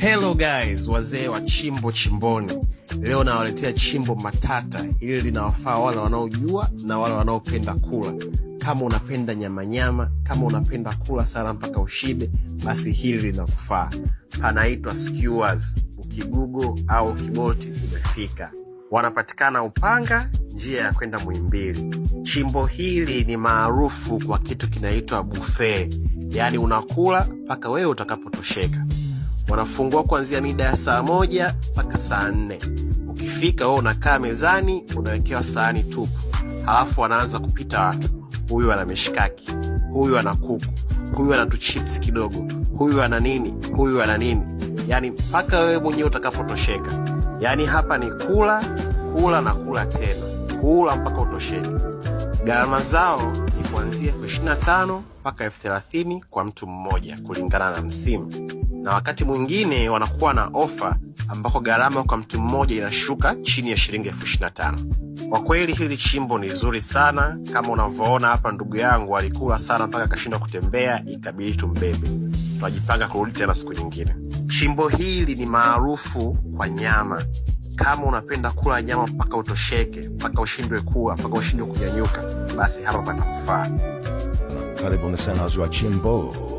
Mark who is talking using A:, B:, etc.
A: Hello guys, wazee wa chimbo chimboni, leo nawaletea chimbo matata, ili linawafaa wale wanaojua na wale wanaopenda kula. Kama unapenda nyamanyama -nyama, kama unapenda kula sana mpaka ushibe, basi hili linakufaa. Panaitwa skewers, ukigugo au kiboti umefika. Wanapatikana Upanga, njia ya kwenda Muhimbili. Chimbo hili ni maarufu kwa kitu kinaitwa buffet, yaani unakula mpaka wewe utakapotosheka wanafungua kuanzia mida ya saa moja mpaka saa nne. Ukifika wewe unakaa mezani, unawekewa sahani tupu, halafu wanaanza kupita watu, huyu ana mishikaki, huyu ana kuku, huyu ana tuchips kidogo, huyu ana nini, huyu ana nini, yani mpaka wewe mwenyewe utakapotosheka. Yani hapa ni kula kula na kula tena, kula mpaka utosheke. Gharama zao ni kuanzia elfu ishirini na tano mpaka elfu thelathini kwa mtu mmoja kulingana na msimu na wakati mwingine wanakuwa na ofa ambako gharama kwa mtu mmoja inashuka chini ya shilingi elfu ishirini na tano. Kwa kweli hili chimbo ni zuri sana, kama unavyoona hapa, ndugu yangu alikula sana mpaka akashindwa kutembea, ikabidi tumbebe. Tunajipanga kurudi tena siku nyingine. Chimbo hili ni maarufu kwa nyama. Kama unapenda kula nyama mpaka utosheke, mpaka ushindwe kuwa, mpaka ushindwe kunyanyuka, basi hapa panakufaa. Karibuni sana Chimbo.